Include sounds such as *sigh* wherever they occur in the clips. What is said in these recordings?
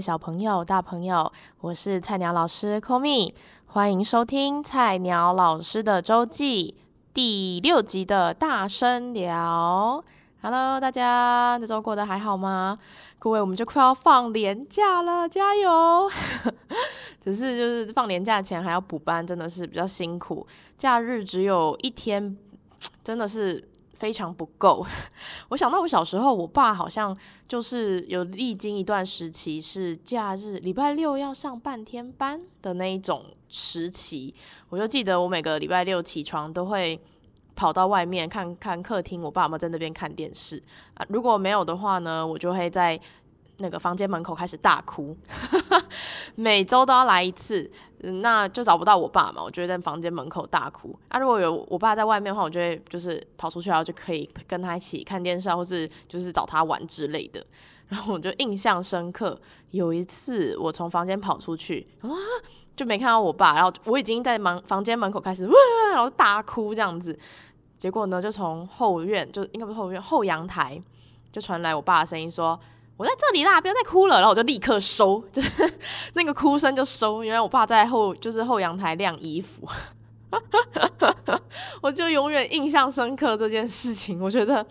小朋友、大朋友，我是菜鳥老師 Komi，歡迎收聽菜鳥老師的週記第六集的大聲聊。Hello，大家這週過得還好嗎？各位，我們就快要放連假了，加油！ *laughs* 只是就是放連假前還要補班，真的是比較辛苦。假日只有一天，真的是。非常不夠。 *laughs* 我想到我小時候，我爸好像就是有歷經一段時期是假日，禮拜六要上半天班的那一種時期。我就記得我每個禮拜六起床都會跑到外面看看客廳，我爸媽在那邊看電視。啊，如果沒有的話呢，我就會在那個房間門口開始大哭， *laughs* 每週都要來一次。那就找不到我爸嘛，我就會在房間門口大哭。啊，如果有我爸在外面的話，我就會就是跑出去，然後就可以跟他一起看電視，或是就是找他玩之類的。然後我就印象深刻，有一次我從房間跑出去啊，就沒看到我爸，然後我已經在房房間門口開始哇，然後大哭這樣子。結果呢，就從後院，就應該不是後院，後陽台就傳來我爸的聲音說。我在這裡啦！不要再哭了，然後我就立刻收，就是那個哭聲就收。原來我爸在後，就是後陽台晾衣服。 *laughs* 我就永遠印象深刻這件事情，我覺得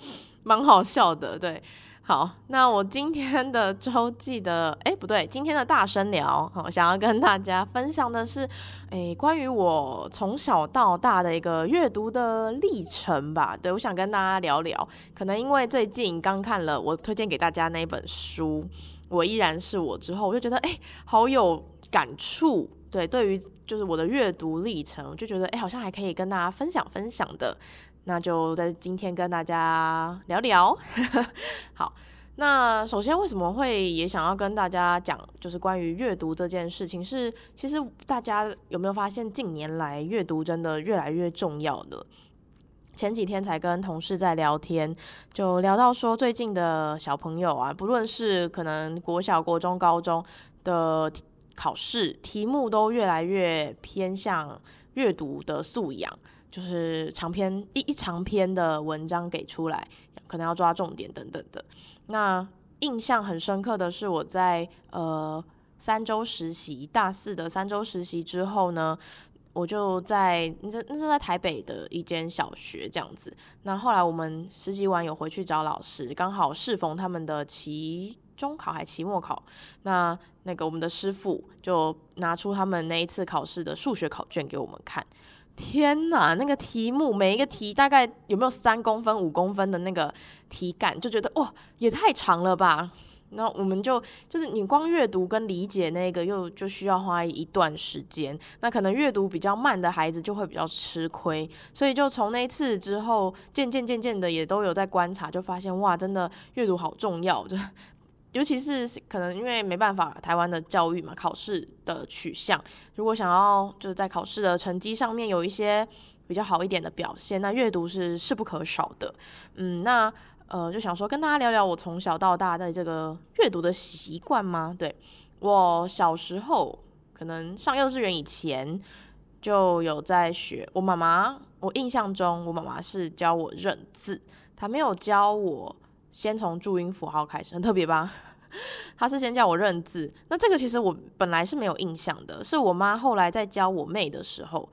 蠻好笑的，對。好，那我今天的週記的，哎，不對，今天的大聲聊，好，想要跟大家分享的是，哎，關於我從小到大的一個閱讀的歷程吧。對，我想跟大家聊聊，可能因為最近剛看了我推薦給大家那一本書《我依然是我》之後，我就覺得，哎，好有感觸。對，對於就是我的閱讀歷程，我就覺得，哎，好像還可以跟大家分享分享的。那就在今天跟大家聊聊。 *laughs* 好，那首先為什麼會也想要跟大家講，就是關於閱讀這件事情是，是其實大家有沒有發現近年來閱讀真的越來越重要了？前幾天才跟同事在聊天，就聊到說最近的小朋友啊，不論是可能國小、國中、高中的考試題目，都越來越偏向閱讀的素養。就是長篇一一長篇的文章給出來，可能要抓重點等等的。那印象很深刻的是，我在呃三週實習，大四的三週實習之後呢，我就在那，那是在台北的一間小學這樣子。那後來我們實習完有回去找老師，剛好適逢他們的期中考還期末考，那那個我們的師傅就拿出他們那一次考試的數學考卷給我們看。天哪，那個題目每一個題大概有沒有三公分、五公分的那個題感，就覺得哇，也太長了吧。那我們就就是你光閱讀跟理解那個又就需要花一段時間，那可能閱讀比較慢的孩子就會比較吃虧。所以就從那一次之後，漸漸漸漸的也都有在觀察，就發現哇，真的閱讀好重要。就尤其是可能因為沒辦法，台灣的教育嘛，考試的取向，如果想要就是在考試的成績上面有一些比較好一點的表現，那閱讀是必不可少的。嗯，那呃就想說跟大家聊聊我從小到大在這個閱讀的習慣嗎？對。我小時候可能上幼稚園以前就有在學，我媽媽，我印象中我媽媽是教我認字，她沒有教我。先從注音符號開始，很特別吧？ *laughs* 他是先叫我認字，那這個其實我本來是沒有印象的，是我媽後來在教我妹的時候，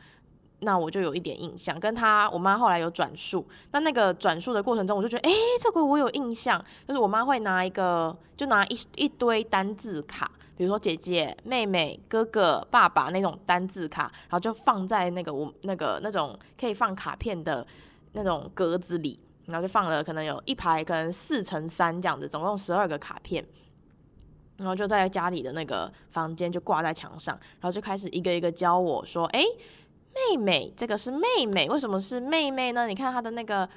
那我就有一點印象，跟她，我媽後來有轉述，那那個轉述的過程中，我就覺得，哎、欸，這個我有印象，就是我媽會拿一個，就拿一一堆單字卡，比如說姐姐、妹妹、哥哥、爸爸那種單字卡，然後就放在那個我那個那種可以放卡片的那種格子裡。然後就放了可能有一排，可能四乘三這樣子，總共十二個卡片。然後就在家裡的那個房間就掛在牆上，然後就開始一個一個教我說：“哎、欸，妹妹，這個是妹妹，為什麼是妹妹呢？你看她的那個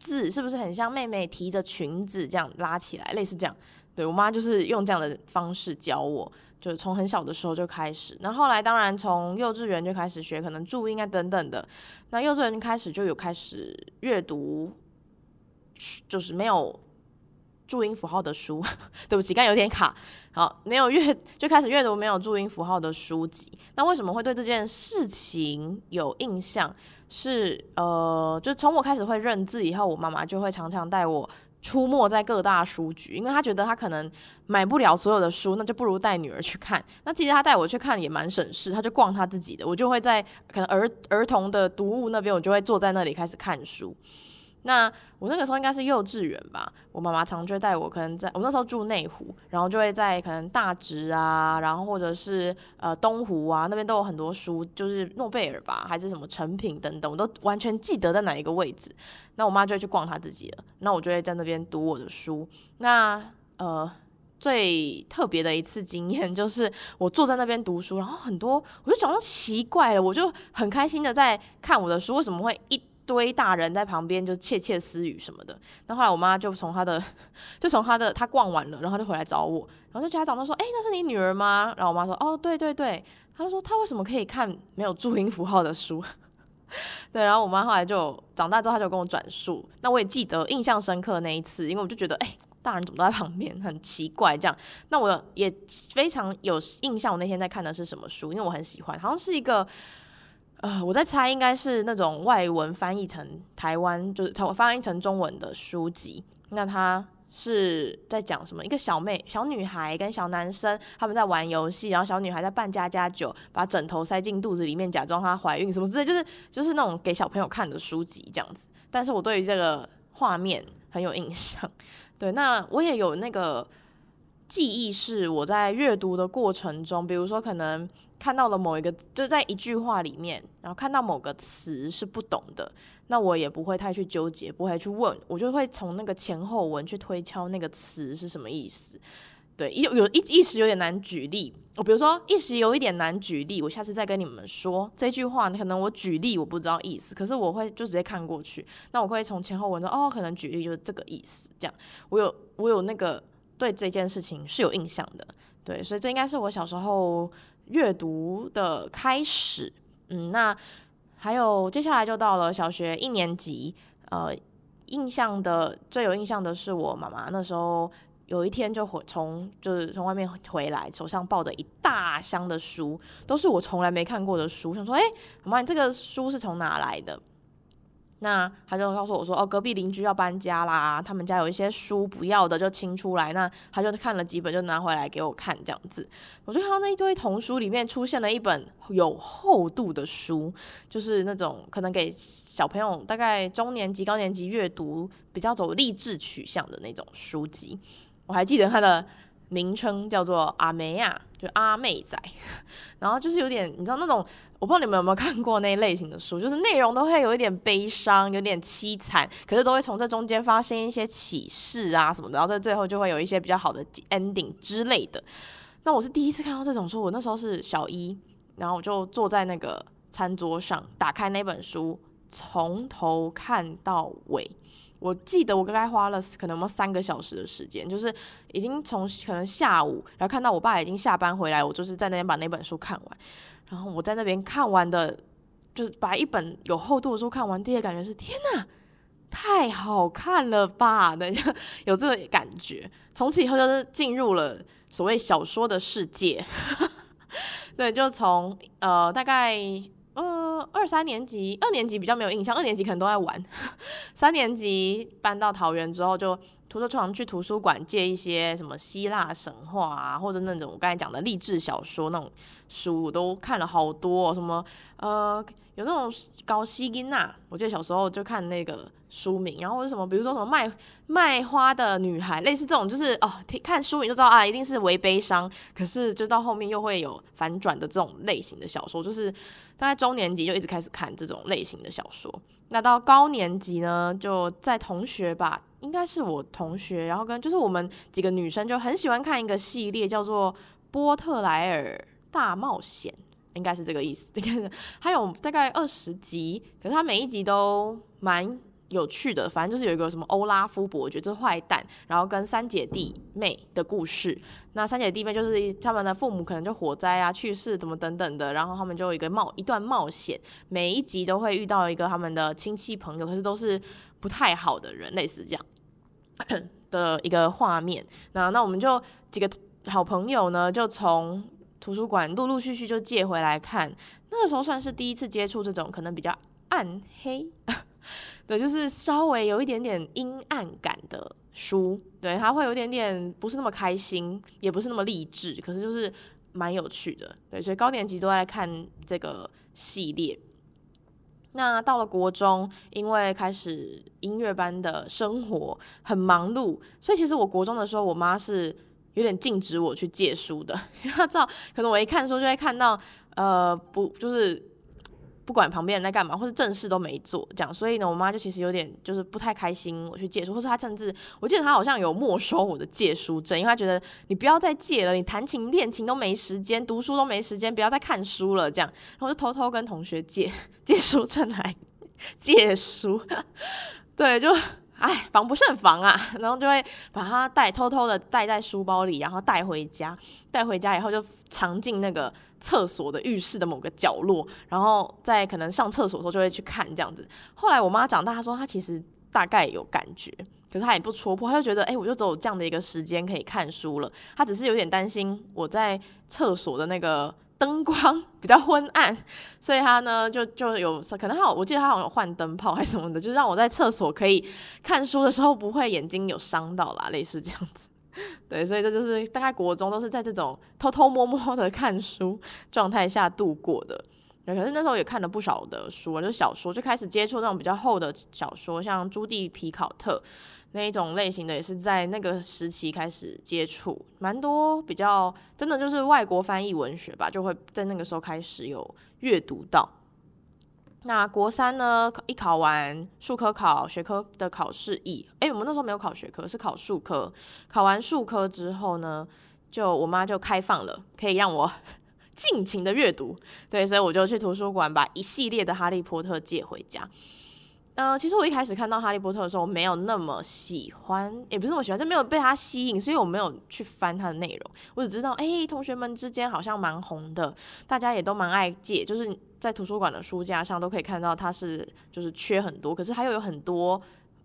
字是不是很像妹妹提着裙子這樣拉起來，類似這樣。”對，我媽就是用這樣的方式教我。就是從很小的時候就開始，那後來當然從幼稚園就開始學可能注音啊等等的，那幼稚園開始就有開始閱讀，就是沒有注音符號的書， *laughs* 對不起，剛有點卡，好，沒有閱，就開始閱讀沒有注音符號的書籍。那為什麼會對這件事情有印象？是呃，就從我開始會認字以後，我媽媽就會常常帶我。出沒在各大書局，因為他覺得他可能買不了所有的書，那就不如帶女兒去看。那其實他帶我去看也蠻省事，他就逛他自己的，我就會在可能兒兒童的讀物那邊，我就會坐在那裡開始看書。那我那個時候應該是幼稚園吧，我媽媽常就會帶我，可能在我那時候住內湖，然後就會在可能大直啊，然後或者是呃東湖啊，那邊都有很多書，就是諾貝爾吧，還是什麼誠品等等，我都完全記得在哪一個位置。那我媽就會去逛她自己了，那我就會在那邊讀我的書。那呃最特別的一次經驗就是我坐在那邊讀書，然後很多我就覺得奇怪了，我就很開心的在看我的書，為什麼會一。堆大人在旁邊就竊竊私語什麼的，那後來我媽就從她的，就從她的，她逛完了，然後她就回來找我，然後就家長輩說：“欸，那是你女兒嗎？”然後我媽說：“哦，對對對。”她就說：“她為什麼可以看沒有注音符號的書？”對，然後我媽後來就長大之後，她就跟我轉述。那我也記得印象深刻那一次，因為我就覺得，欸，大人怎麼都在旁邊，很奇怪這樣。那我也非常有印象，我那天在看的是什麼書，因為我很喜歡，好像是一個。呃，我在猜，應該是那種外文翻譯成台灣，就是它翻譯成中文的書籍。那它是在講什麼？一個小妹、小女孩跟小男生他們在玩遊戲，然後小女孩在扮家家酒，把枕頭塞進肚子裡面，假裝她懷孕什麼之類，就是就是那種給小朋友看的書籍這樣子。但是我對於這個畫面很有印象。對，那我也有那個。記憶是我在閱讀的過程中，比如說可能看到了某一個，就在一句話裡面，然後看到某個詞是不懂的，那我也不會太去糾結，不會去問，我就會從那個前後文去推敲那個詞是什麼意思。對，有有一一時有點難舉例，我比如說一時有一點難舉例，我下次再跟你們說這句話，可能我舉例我不知道意思，可是我會就直接看過去，那我會從前後文說，哦，可能舉例就是這個意思，這樣。我有我有那個。對這件事情是有印象的，對，所以這應該是我小時候閱讀的開始。嗯，那還有接下來就到了小學一年級，呃，印象的最有印象的是我媽媽那時候有一天就回從就是從外面回來，手上抱着一大箱的書，都是我從來沒看過的書，想說哎、欸，媽媽，你這個書是從哪來的？那他就告訴我說：“哦，隔壁鄰居要搬家啦，他們家有一些書不要的就清出來。”那他就看了幾本，就拿回來給我看這樣子。我就看到那一堆童書裡面出現了一本有厚度的書，就是那種可能給小朋友大概中年級、高年級閱讀比較走勵志取向的那種書籍。我還記得他的。名稱叫做阿梅呀、啊、就阿妹仔，然後就是有點，你知道那種，我不知道你們有沒有看過那一類型的書，就是內容都會有一點悲傷，有點淒慘，可是都會從這中間發生一些啟示啊什麼的，然後在最後就會有一些比較好的 ending 之類的。那我是第一次看到這種書，我那時候是小一，然後我就坐在那個餐桌上，打開那本書，從頭看到尾。我記得我大概花了可能有有三個小時的時間，就是已經從可能下午，然後看到我爸已經下班回來，我就是在那邊把那本書看完。然後我在那邊看完的，就是把一本有厚度的書看完，第一感覺是天哪，太好看了吧？等一下有這個感覺。從此以後就是進入了所謂小說的世界。 *laughs* 對，就從呃大概。二三年級，二年級比較沒有印象，二年級可能都在玩。呵呵，三年級搬到桃園之後，就拖着床去圖書館借一些什麼希臘神話啊，或者那種我剛才講的勵志小說那種書，都看了好多哦。什麼呃，有那種高希金娜，我記得小時候就看那個。書名，然後是什麼，比如說什麼賣賣花的女孩，類似這種，就是哦，看書名就知道啊，一定是微悲傷，可是就到後面又會有反轉的這種類型的小說，就是大概中年級就一直開始看這種類型的小說。那到高年級呢，就在同學吧，應該是我同學，然後跟就是我們幾個女生就很喜歡看一個系列，叫做《波特萊爾大冒險》，應該是這個意思。這個還有大概二十集，可是它每一集都蠻。有趣的，反正就是有一個什麼歐拉夫伯爵這是壞蛋，然後跟三姐弟妹的故事。那三姐弟妹就是他們的父母可能就火災啊去世怎麼等等的，然後他們就有一個冒一段冒險，每一集都會遇到一個他們的親戚朋友，可是都是不太好的人，類似這樣的一個畫面。那那我們就幾個好朋友呢，就從圖書館陸陸續續就借回來看。那個時候算是第一次接觸這種可能比較暗黑。對，就是稍微有一點點陰暗感的書，對，它會有一點點不是那麼開心，也不是那麼勵志，可是就是蠻有趣的。對，所以高年級都在看這個系列。那到了國中，因為開始音樂班的生活很忙碌，所以其實我國中的時候，我媽是有點禁止我去借書的，因為她知道可能我一看書就會看到，呃，不，就是。不管旁邊人在幹嘛，或者正事都沒做，這樣，所以呢，我媽就其實有點就是不太開心我去借書，或者她甚至，我記得她好像有沒收我的借書證，因為她覺得你不要再借了，你彈琴練琴都沒時間，讀書都沒時間，不要再看書了，這樣，然後就偷偷跟同學借借書證來借書， *laughs* 對，就哎，防不勝防啊，然後就會把它帶偷偷的帶在書包裡，然後帶回家，帶回家以後就藏進那個。廁所的浴室的某個角落，然後在可能上廁所的時候就會去看這樣子。後來我媽長大，她說她其實大概有感覺，可是她也不戳破，她就覺得哎、欸，我就只有這樣的一個時間可以看書了。她只是有點擔心我在廁所的那個燈光比較昏暗，所以她呢就就有可能她好我記得她好像有換燈泡還是什麼的，就讓我在廁所可以看書的時候不會眼睛有傷到啦，類似這樣子。對，所以這就是大概國中都是在這種偷偷摸摸的看書狀態下度過的。對，可是那時候也看了不少的書，就小說，就開始接觸那種比較厚的小說，像朱迪皮考特那一種類型的，也是在那個時期開始接觸，蠻多、哦、比較真的就是外國翻譯文學吧，就會在那個時候開始有閱讀到。那國三呢？一考完數科考學科的考試一，哎、欸，我們那時候沒有考學科，是考數科。考完數科之後呢，就我媽就開放了，可以讓我盡 *laughs* 情的閱讀。對，所以我就去圖書館把一系列的《哈利波特》借回家。嗯、呃，其實我一開始看到《哈利波特》的時候，我沒有那麼喜歡，也、欸、不是我喜歡，就沒有被它吸引，所以我沒有去翻它的內容。我只知道，哎、欸，同學們之間好像蠻紅的，大家也都蠻愛借，就是在圖書館的書架上都可以看到它是，就是缺很多，可是它又有很多，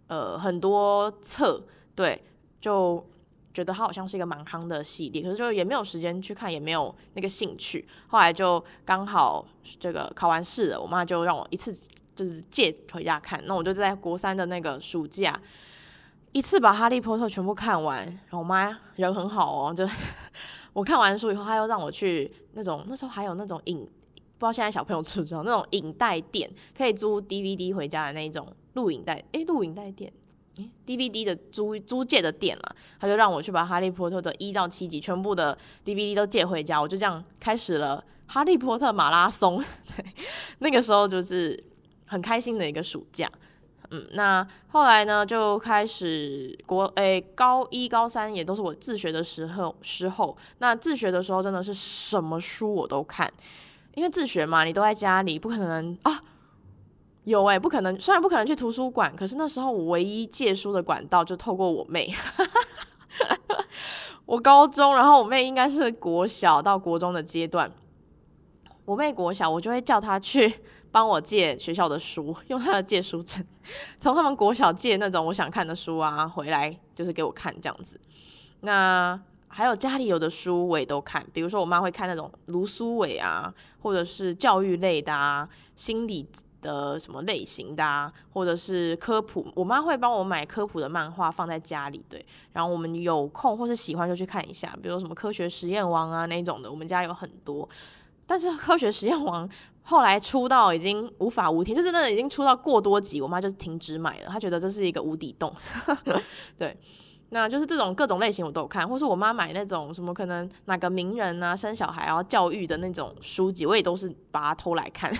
呃，很多冊，對，就覺得它好像是一個蠻夯的系列，可是就也沒有時間去看，也沒有那個興趣。後來就剛好這個考完試了，我媽就讓我一次。就是借回家看，那我就在國三的那個暑假，一次把《哈利波特》全部看完。然後我媽人很好哦，就我看完書以後，她又讓我去那種那時候還有那種影，不知道現在小朋友知不知道那種影帶店，可以租 DVD 回家的那種錄影帶。誒、欸，錄影帶店，DVD 的租租借的店了、啊，他就讓我去把《哈利波特》的一到七集全部的 DVD 都借回家，我就這樣開始了《哈利波特》馬拉松。對，那個時候就是。很開心的一個暑假，嗯，那後來呢就開始國誒、欸、高一高三也都是我自學的時候時候，那自學的時候真的是什麼書我都看，因為自學嘛，你都在家裡，不可能啊，有誒、欸，不可能，雖然不可能去圖書館，可是那時候我唯一借書的管道就透過我妹，呵呵我高中，然後我妹應該是國小到國中的階段，我妹國小，我就會叫她去。幫我借學校的書，用他的借書證，從他們國小借那種我想看的書啊，回來就是給我看這樣子。那還有家裡有的書我也都看，比如說我媽會看那種盧蘇偉啊，或者是教育類的啊，心理的什麼類型的啊，或者是科普。我媽會幫我買科普的漫畫放在家裡，對。然後我們有空或是喜歡就去看一下，比如說什麼科學實驗王啊那種的，我們家有很多。但是科學實驗王。後來出到已經無法無天，就是那已經出到過多集，我媽就停止買了，她覺得這是一個無底洞。 *laughs* 對，那就是這種各種類型我都有看，或是我媽買那種什麼可能哪個名人啊生小孩啊，然後教育的那種書籍，我也都是把它偷來看，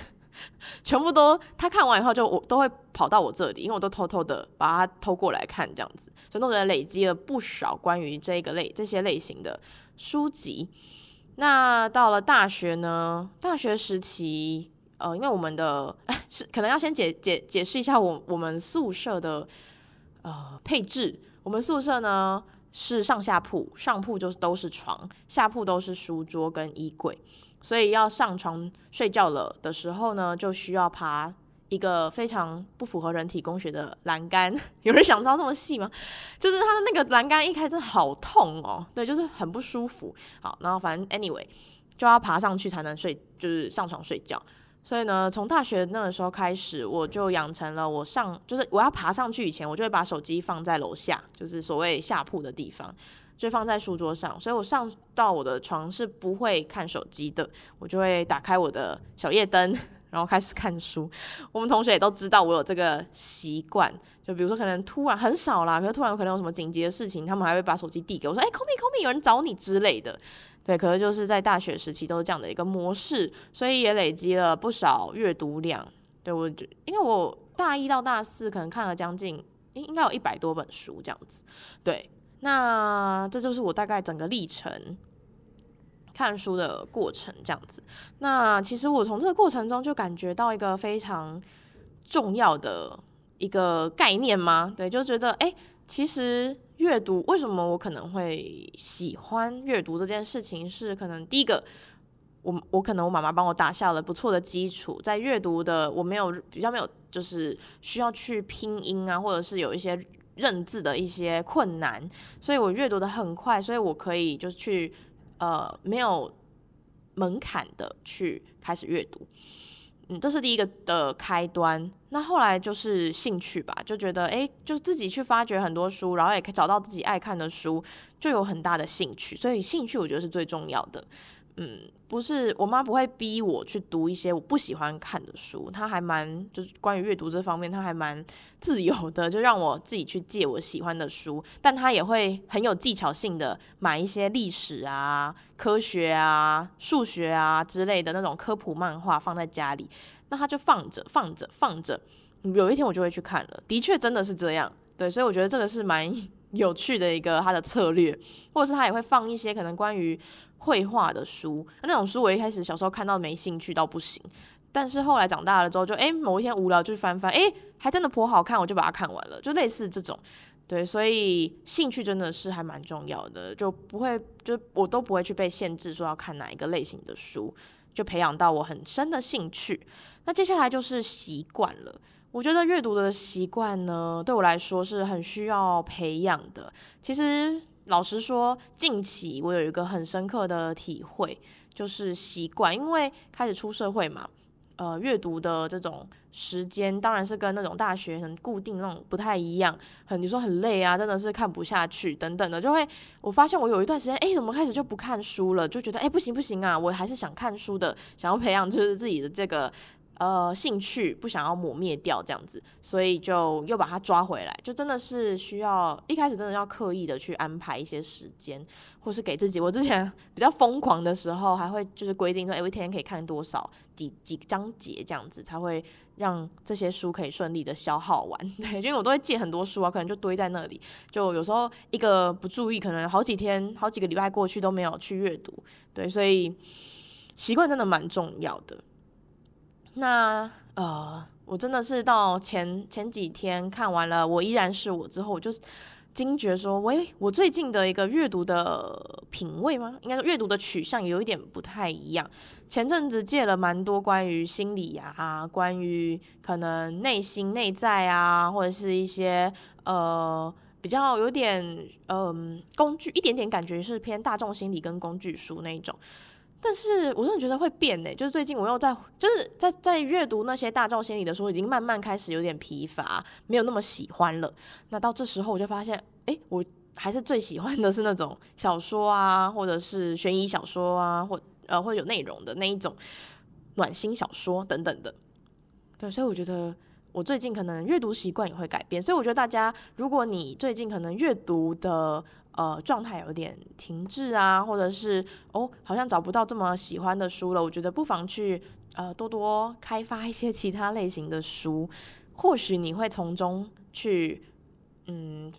全部都她看完以後就我都會跑到我這裡，因為我都偷偷的把它偷過來看這樣子，所以弄得，累積了不少關於這個類這些類型的書籍。那到了大學呢？大學時期，呃，因為我們的是可能要先解解解釋一下我我們宿舍的呃配置。我們宿舍呢是上下鋪，上鋪就是都是床，下鋪都是書桌跟衣櫃，所以要上床睡覺了的時候呢，就需要爬。一個非常不符合人體工學的欄杆，有人想知道這麼細嗎？就是它的那個欄杆一開，真的好痛哦、喔，對，就是很不舒服。好，然後反正 anyway 就要爬上去才能睡，就是上床睡覺。所以呢，從大學那個時候開始，我就養成了我上，就是我要爬上去以前，我就會把手機放在樓下，就是所謂下鋪的地方，就放在書桌上。所以我上到我的床是不會看手機的，我就會打開我的小夜燈。然後開始看書，我們同學也都知道我有這個習慣，就比如說可能突然很少啦，比如突然可能有什麼緊急的事情，他們還會把手機遞給我，說：“哎，call me，call me，有人找你之類的。”對，可能就是在大學時期都是這樣的一個模式，所以也累積了不少閱讀量。對我就，就因為我大一到大四可能看了將近應應該有一百多本書這樣子。對，那這就是我大概整個歷程。看書的過程這樣子，那其實我從這個過程中就感覺到一個非常重要的一個概念嘛。對，就覺得哎、欸，其實閱讀為什麼我可能會喜歡閱讀這件事情，是可能第一個，我我可能我媽媽幫我打下了不錯的基礎，在閱讀的我沒有比較沒有就是需要去拼音啊，或者是有一些認字的一些困難，所以我閱讀得很快，所以我可以就是去。呃，沒有門檻的去開始閱讀，嗯，這是第一個的開端。那後來就是興趣吧，就覺得哎、欸，就自己去發掘很多書，然後也找到自己愛看的書，就有很大的興趣。所以興趣我覺得是最重要的。嗯，不是，我媽不會逼我去讀一些我不喜歡看的書，她還蠻就是關於閱讀這方面，她還蠻自由的，就讓我自己去借我喜歡的書。但她也會很有技巧性的買一些歷史啊、科學啊、數學啊之類的那種科普漫畫放在家裡，那她就放着放着放着，有一天我就會去看了。的確真的是這樣，對，所以我覺得這個是蠻。有趣的一個他的策略，或者是他也會放一些可能關於繪畫的書，那種書我一開始小時候看到沒興趣到不行，但是後來長大了之後就誒、欸、某一天無聊就去翻翻，誒、欸、還真的頗好看，我就把它看完了，就類似這種，對，所以興趣真的是還蠻重要的，就不會就我都不會去被限制說要看哪一個類型的書，就培養到我很深的興趣，那接下來就是習慣了。我覺得閱讀的習慣呢，對我來說是很需要培養的。其實老實說，近期我有一個很深刻的體會，就是習慣。因為開始出社會嘛，呃，閱讀的這種時間當然是跟那種大學很固定那種不太一樣。很，比如說很累啊，真的是看不下去等等的，就會我發現我有一段時間，哎、欸，怎麼開始就不看書了？就覺得哎、欸，不行不行啊，我還是想看書的，想要培養就是自己的這個。呃，興趣不想要抹滅掉這樣子，所以就又把它抓回來，就真的是需要一開始真的要刻意的去安排一些時間，或是給自己。我之前比較瘋狂的時候，還會就是規定說，哎、欸，我天天可以看多少幾幾章節這樣子，才會讓這些書可以順利的消耗完。對，因為我都會借很多書啊，可能就堆在那裡，就有時候一個不注意，可能好幾天、好幾個禮拜過去都沒有去閱讀。對，所以習慣真的蠻重要的。那呃，我真的是到前前幾天看完了《我依然是我》之後，我就驚覺說，喂，我最近的一個閱讀的品味嗎？應該說閱讀的取向有一點不太一樣。前陣子借了蠻多關於心理啊，關於可能內心內在啊，或者是一些呃比較有點嗯、呃、工具，一點點感覺是偏大眾心理跟工具書那一種。但是我真的覺得會變誒、欸，就是最近我又在就是在在閱讀那些大眾心理的書，已經慢慢開始有點疲乏，沒有那麼喜歡了。那到這時候我就發現，哎、欸，我還是最喜歡的是那種小說啊，或者是懸疑小說啊，或呃或者有內容的那一種暖心小說等等的。對，所以我覺得我最近可能閱讀習慣也會改變。所以我覺得大家，如果你最近可能閱讀的，呃，狀態有點停滯啊，或者是哦，好像找不到這麼喜歡的書了。我覺得不妨去呃，多多開發一些其他類型的書，或許你會從中去嗯，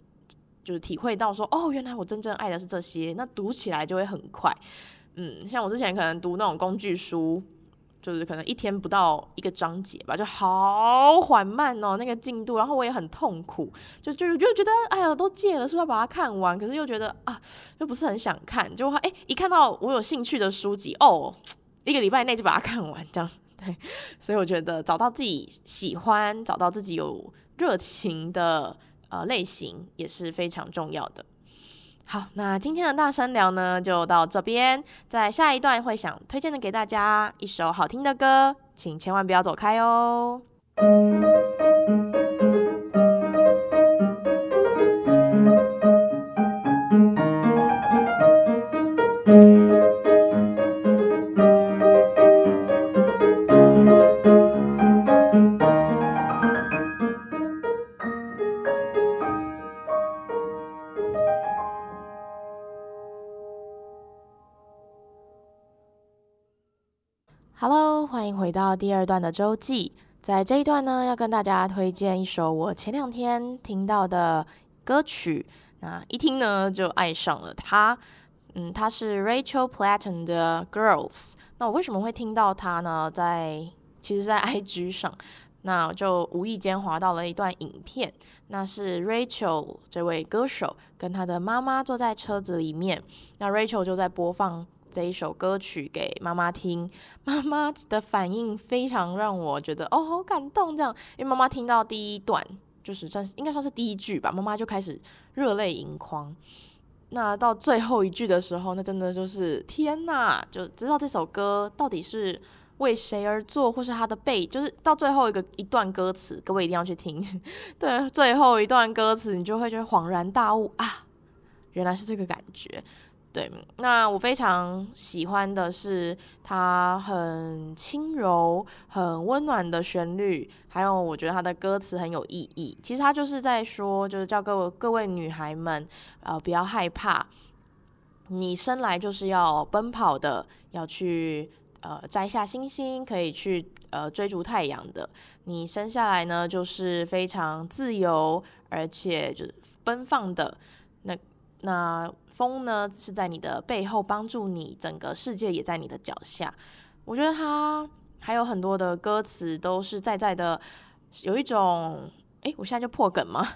就是體會到說，哦，原來我真正愛的是這些，那讀起來就會很快。嗯，像我之前可能讀那種工具書。就是可能一天不到一個章節吧，就好緩慢哦，那個進度，然後我也很痛苦，就就就覺得哎呀，都借了，是不是要把它看完，可是又覺得啊，又不是很想看，就哎、欸，一看到我有興趣的書籍哦，一個禮拜內就把它看完，這樣對，所以我覺得找到自己喜歡、找到自己有熱情的呃類型也是非常重要的。好，那今天的大聲聊呢，就到這邊。在下一段會想推薦的給大家一首好聽的歌，請千萬不要走開哦。 *music* 歡迎回到第二段的周記。在這一段呢，要跟大家推薦一首我前兩天聽到的歌曲。那一聽呢，就愛上了它。嗯，它是 Rachel Platten 的 Girls。那我為什麼會聽到它呢？在其實，在 IG 上，那我就無意間滑到了一段影片。那是 Rachel 這位歌手跟她的媽媽坐在車子裡面，那 Rachel 就在播放。這一首歌曲給媽媽聽，媽媽的反應非常讓我覺得哦，好感動。這樣，因為媽媽聽到第一段，就是算是應該算是第一句吧，媽媽就開始熱淚盈眶。那到最後一句的時候，那真的就是天哪！就知道這首歌到底是為誰而做，或是它的背，就是到最後一個一段歌詞，各位一定要去聽。對，最後一段歌詞，你就會覺得恍然大悟啊，原來是這個感覺。對，那我非常喜歡的是它很輕柔、很溫暖的旋律，還有我覺得它的歌詞很有意義。其實它就是在說，就是叫各位各位女孩們，呃，不要害怕，你生來就是要奔跑的，要去呃摘下星星，可以去呃追逐太陽的。你生下來呢，就是非常自由，而且就是奔放的那。那風呢，是在你的背後幫助你，整個世界也在你的腳下。我覺得他還有很多的歌詞都是在在的，有一種，哎、欸，我現在就破梗嗎？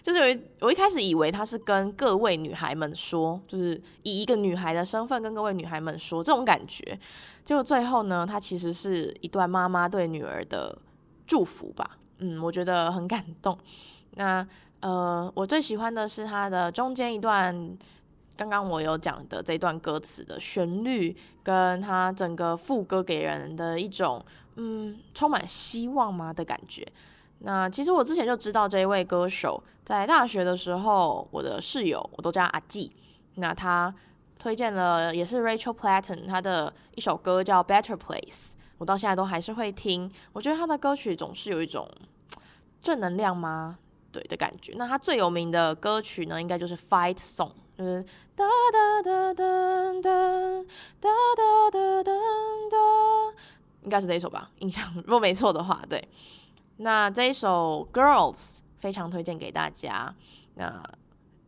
就是有一，我一開始以為他是跟各位女孩們說，就是以一個女孩的身份跟各位女孩們說這種感覺。結果最後呢，他其實是一段媽媽對女兒的祝福吧。嗯，我覺得很感動。那。呃，我最喜歡的是他的中間一段，剛剛我有講的這段歌詞的旋律，跟他整個副歌給人的一種，嗯，充滿希望嗎的感覺。那其實我之前就知道這一位歌手，在大學的時候，我的室友我都叫阿季，那他推薦了也是 Rachel Platten 他的一首歌叫 Better Place，我到現在都還是會聽。我覺得他的歌曲總是有一種正能量嗎？對的感覺，那他最有名的歌曲呢，應該就是《Fight Song》，就是噠噠噠噠噠噠噠噠噠，應該是這一首吧，印象如果沒錯的話，對。那這一首《Girls》非常推薦給大家。那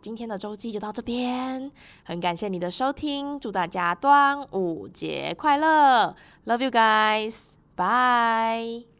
今天的週期就到這邊，很感謝你的收聽，祝大家端午節快樂，Love you guys，bye。